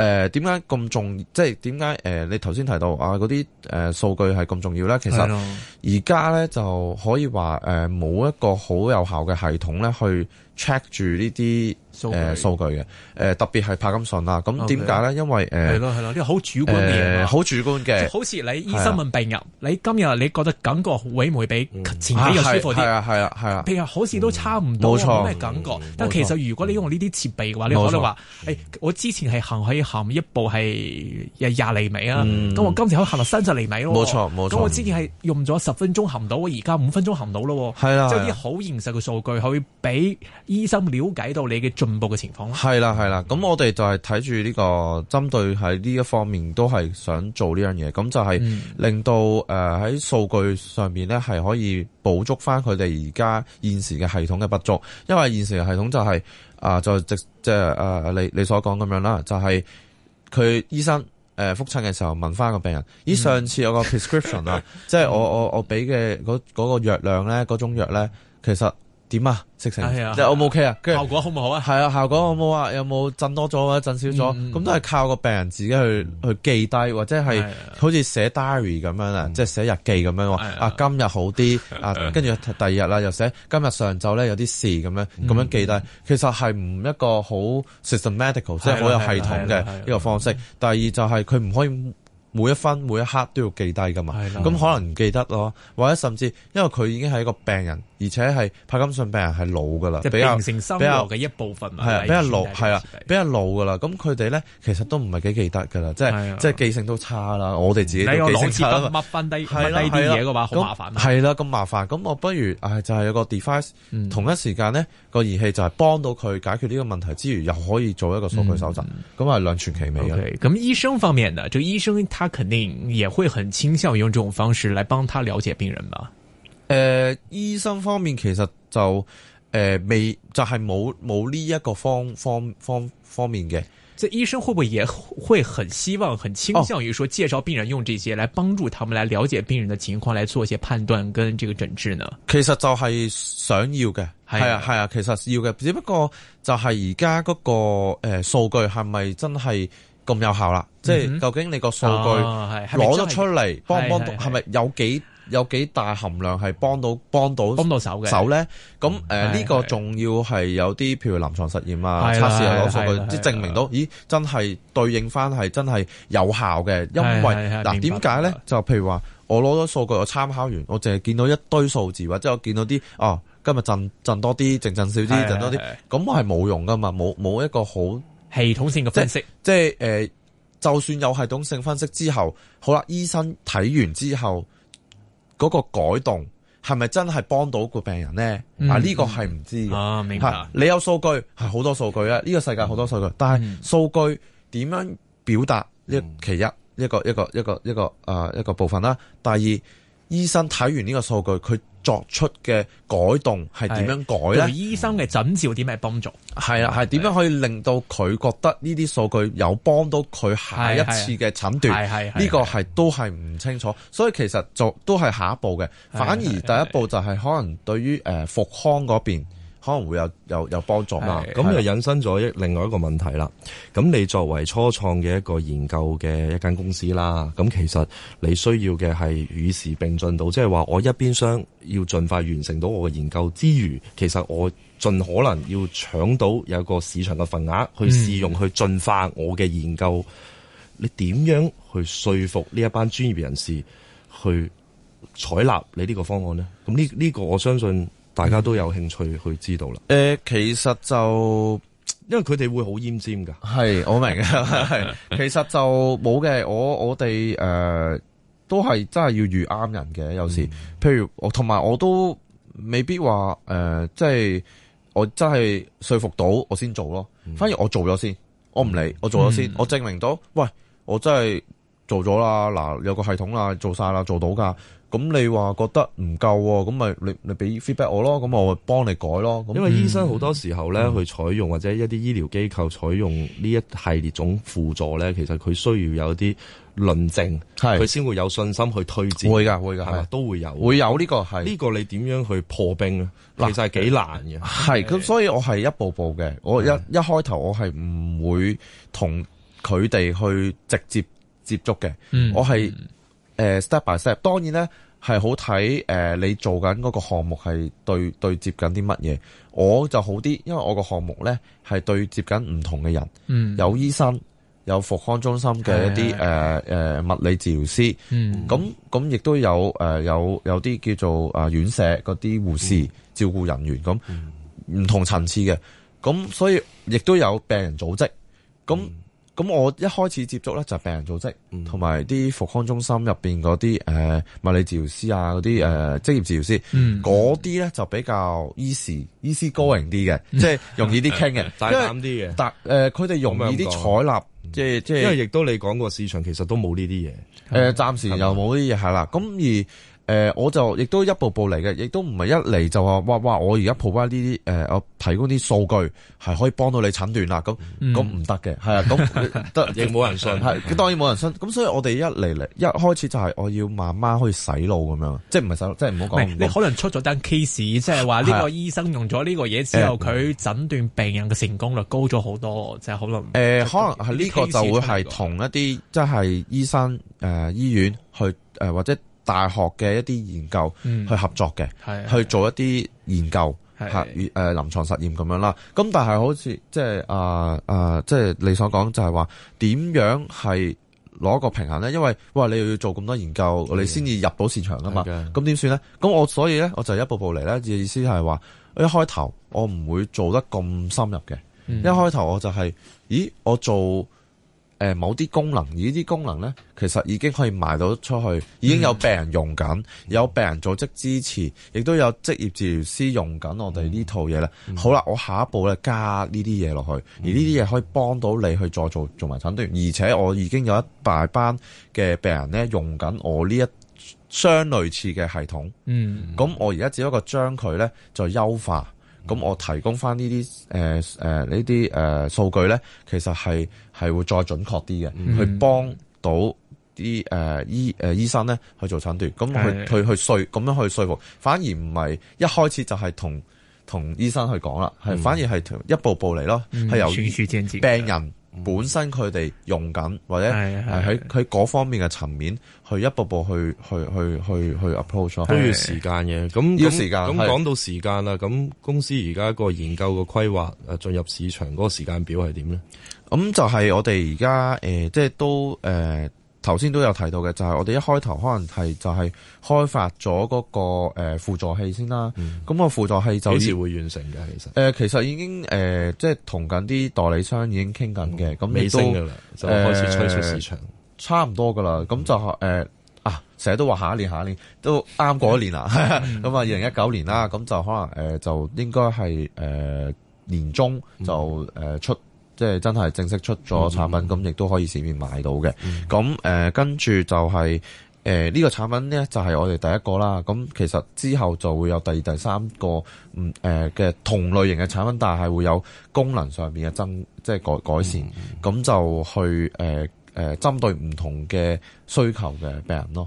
誒，點解咁重？即係點解？誒，你頭先提到啊，嗰啲誒數據係咁重要咧。其實而家咧就可以話，誒、呃，冇一個好有效嘅系統咧去。check 住呢啲數據嘅，誒特別係帕金遜啦。咁點解咧？因為誒係咯係咯呢個好主觀嘅好主觀嘅。好似你醫生問病人：你今日你覺得感覺會唔會比前幾日舒服啲？係啊係啊係啊。譬如好似都差唔多，冇咩感覺。但其實如果你用呢啲設備嘅話，你可能話：誒，我之前係行可以行一步係廿厘米啊，咁我今次可以行到三十厘米咯。冇錯冇錯。咁我之前係用咗十分鐘行到，而家五分鐘行到咯。係啦，即係啲好現實嘅數據去俾醫生了解到你嘅進步嘅情況啦，係啦係啦，咁我哋就係睇住呢個針對喺呢一方面都係想做呢樣嘢，咁就係令到誒喺、嗯呃、數據上面呢，係可以補足翻佢哋而家現時嘅系統嘅不足，因為現時嘅系統就係、是、啊、呃，就即即誒，你你所講咁樣啦，就係、是、佢醫生誒復診嘅時候問翻個病人，咦上次有個 prescription 啊、嗯，即係我我我俾嘅嗰嗰個藥量呢，嗰種藥呢其實。點啊？食成即係 O 唔 O K 啊？跟住效果好唔好啊？係啊，效果好唔好啊？有冇震多咗啊？震少咗？咁都係靠個病人自己去去記低，或者係好似寫 diary 咁樣啊，即係寫日記咁樣。啊，今日好啲啊，跟住第二日啦又寫今日上晝咧有啲事咁樣，咁樣記低。其實係唔一個好 systematical，即係好有系統嘅呢個方式。第二就係佢唔可以。每一分每一刻都要記低噶嘛，咁可能唔記得咯，或者甚至因為佢已經係一個病人，而且係帕金遜病人係老噶啦，即係比較比較嘅一部分，係比較老係啊，比較老噶啦。咁佢哋咧其實都唔係幾記得噶啦，即係即係記性都差啦。我哋自己都記性差，記低啲嘢嘅話好麻煩。係啦，咁麻煩。咁我不如就係有個 device，同一時間咧個儀器就係幫到佢解決呢個問題之餘，又可以做一個數據搜集，咁係兩全其美嘅。咁醫生方面咧，就醫生。他肯定也會很傾向於用這種方式來幫他了解病人吧？誒、呃，醫生方面其實就誒，未、呃、就係冇冇呢一個方方方方面嘅。即係醫生會不會也會很希望、很傾向於說介紹病人用這些來幫助他們來了解病人的情況，來做一些判斷跟這個診治呢？其實就係想要嘅，係啊係啊，啊，其實要嘅，只不過就係而家嗰個誒、呃、數據係咪真係？咁有效啦，即係究竟你個數據攞咗出嚟，幫唔幫到係咪有幾有幾大含量係幫到幫到幫到手嘅手咧？咁誒呢個仲要係有啲譬如臨牀實驗啊，測試啊攞數據，即係證明到，咦真係對應翻係真係有效嘅。因為嗱，點解咧？就譬如話我攞咗數據，我參考完，我淨係見到一堆數字，或者我見到啲哦今日震震多啲，淨震少啲，震多啲，咁我係冇用噶嘛，冇冇一個好。系統性嘅分析，即係誒、呃，就算有系統性分析之後，好啦，醫生睇完之後，嗰、那個改動係咪真係幫到個病人呢？嗯、啊，呢、這個係唔知啊、哦，明白。你有數據係好多數據啦，呢、這個世界好多數據，但係數據點樣表達？呢？其一，嗯、一個一個一個一個誒、呃，一個部分啦。第二。醫生睇完呢個數據，佢作出嘅改動係點樣改咧？醫生嘅診照點樣幫助？係啊、嗯，係點樣可以令到佢覺得呢啲數據有幫到佢下一次嘅診斷？呢個係都係唔清楚，所以其實就都係下一步嘅。反而第一步就係可能對於誒、呃、復康嗰邊。可能會有有有幫助嘛？咁又是引申咗一的另外一個問題啦。咁你作為初創嘅一個研究嘅一間公司啦，咁其實你需要嘅係與時並進到，即係話我一邊想要盡快完成到我嘅研究之餘，其實我盡可能要搶到有一個市場嘅份額去試用，去進化我嘅研究。嗯、你點樣去說服呢一班專業人士去採納你呢個方案呢？咁呢呢個我相信。大家都有興趣去知道啦。誒、呃，其實就因為佢哋會好奄尖㗎。係，我明啊。 [laughs] [laughs] 其實就冇嘅。我我哋誒、呃、都係真係要遇啱人嘅。有時，嗯、譬如我同埋我都未必話誒，即、呃、係、就是、我真係說服到我先做咯。嗯、反而我做咗先，我唔理。我做咗先，嗯、我證明到，喂，我真係做咗啦。嗱，有個系統啦，做晒啦，做到㗎。咁你話覺得唔夠，咁咪你你俾 feedback 我咯，咁我幫你改咯。因為醫生好多時候咧去採用或者一啲醫療機構採用呢一系列種輔助咧，其實佢需要有啲論證，佢先會有信心去推薦。會噶會噶係都會有，會有呢個係呢個你點樣去破冰咧？其實係幾難嘅。係咁，所以我係一步步嘅，我一一開頭我係唔會同佢哋去直接接觸嘅，我係。誒，step by step，當然咧係好睇誒、呃，你做緊嗰個項目係對對接緊啲乜嘢？我就好啲，因為我個項目咧係對接緊唔同嘅人，嗯、有醫生，有復康中心嘅一啲誒誒物理治療師，咁咁亦都有誒、呃、有有啲叫做啊院舍嗰啲護士、嗯、照顧人員，咁、嗯、唔同層次嘅，咁所以亦都有病人組織，咁。嗯嗯咁我一開始接觸咧就係、病人組織，同埋啲復康中心入邊嗰啲誒物理治療師啊，嗰啲誒職業治療師，嗰啲咧就比較、easy，嗯、easygoing 啲嘅，即係容易啲傾嘅，大膽啲嘅。但誒、嗯，佢哋容易啲採納，即係即係。因為亦都你講過市場其實都冇呢啲嘢，誒嗎、呃、暫時又冇呢啲嘢，係啦。咁而。誒，我就亦都一步步嚟嘅，亦都唔係一嚟就話，哇哇，我而家 provide 呢啲誒，我提供啲數據係可以幫到你診斷啦。咁咁唔得嘅，係啊，咁亦冇人信，係，當然冇人信。咁所以我哋一嚟嚟一開始就係我要慢慢去以洗腦咁樣，即係唔係洗腦，即係唔好講。你可能出咗單 case，即係話呢個醫生用咗呢個嘢之後，佢診斷病人嘅成功率高咗好多，即係可能。誒，可能係呢個就會係同一啲，即係醫生誒，醫院去誒或者。大學嘅一啲研究去合作嘅，嗯、去做一啲研究吓，誒臨的、呃、床實驗咁樣啦。咁但係好似即係啊啊，即係你所講就係話點樣係攞個平衡呢？因為哇，你又要做咁多研究，嗯、你先至入到市場噶的嘛。咁點算呢？咁我所以呢，我就一步步嚟，呢意思係話一開頭我唔會做得咁深入嘅，嗯、一開頭我就係、是、咦，我做。誒、呃、某啲功能，而呢啲功能呢，其實已經可以賣到出去，已經有病人用緊，mm hmm. 有病人組織支持，亦都有職業治療師用緊我哋呢套嘢咧。Mm hmm. 好啦，我下一步呢，加呢啲嘢落去，而呢啲嘢可以幫到你去再做做埋診斷，而且我已經有一大班嘅病人呢，用緊我呢一相類似嘅系統。嗯、mm，咁、hmm. 我而家只不過將佢呢，再優化。咁我提供翻、呃呃呃、呢啲誒誒呢啲誒數據咧，其實係係會再準確啲嘅，去幫到啲誒醫誒醫生咧去做診斷，咁去去去說咁樣去說服，反而唔係一開始就係同同醫生去講啦，係、嗯、反而係係一步步嚟咯，係、嗯、由病人。本身佢哋用緊或者係喺佢嗰方面嘅層面去一步步去去去去去 approach 咯，需的那要時間嘅。咁要時間咁咁講到時間啦，咁公司而家個研究個規劃誒，進入市場嗰個時間表係點咧？咁就係我哋而家誒，即係都誒。呃頭先都有提到嘅，就係、是、我哋一開頭可能係就係開發咗嗰個誒輔助器先啦。咁、嗯、個輔助器就幾時會完成嘅？其實誒、呃，其實已經誒、呃，即係同緊啲代理商已經傾緊嘅。咁、嗯，你都誒、呃、開始催出市場，差唔多噶啦。咁就誒、呃、啊，成日都話下一年下一年都啱過一年啦。咁啊、嗯，二零一九年啦，咁就可能誒、呃、就應該係誒年中就誒出。嗯即係真係正式出咗產品，咁亦都可以市面買到嘅。咁誒跟住就係誒呢個產品咧，就係、是、我哋第一個啦。咁其實之後就會有第二第三個唔誒嘅同類型嘅產品，但係會有功能上面嘅增即係改改善。咁、嗯嗯、就去誒誒、呃呃、針對唔同嘅需求嘅病人咯。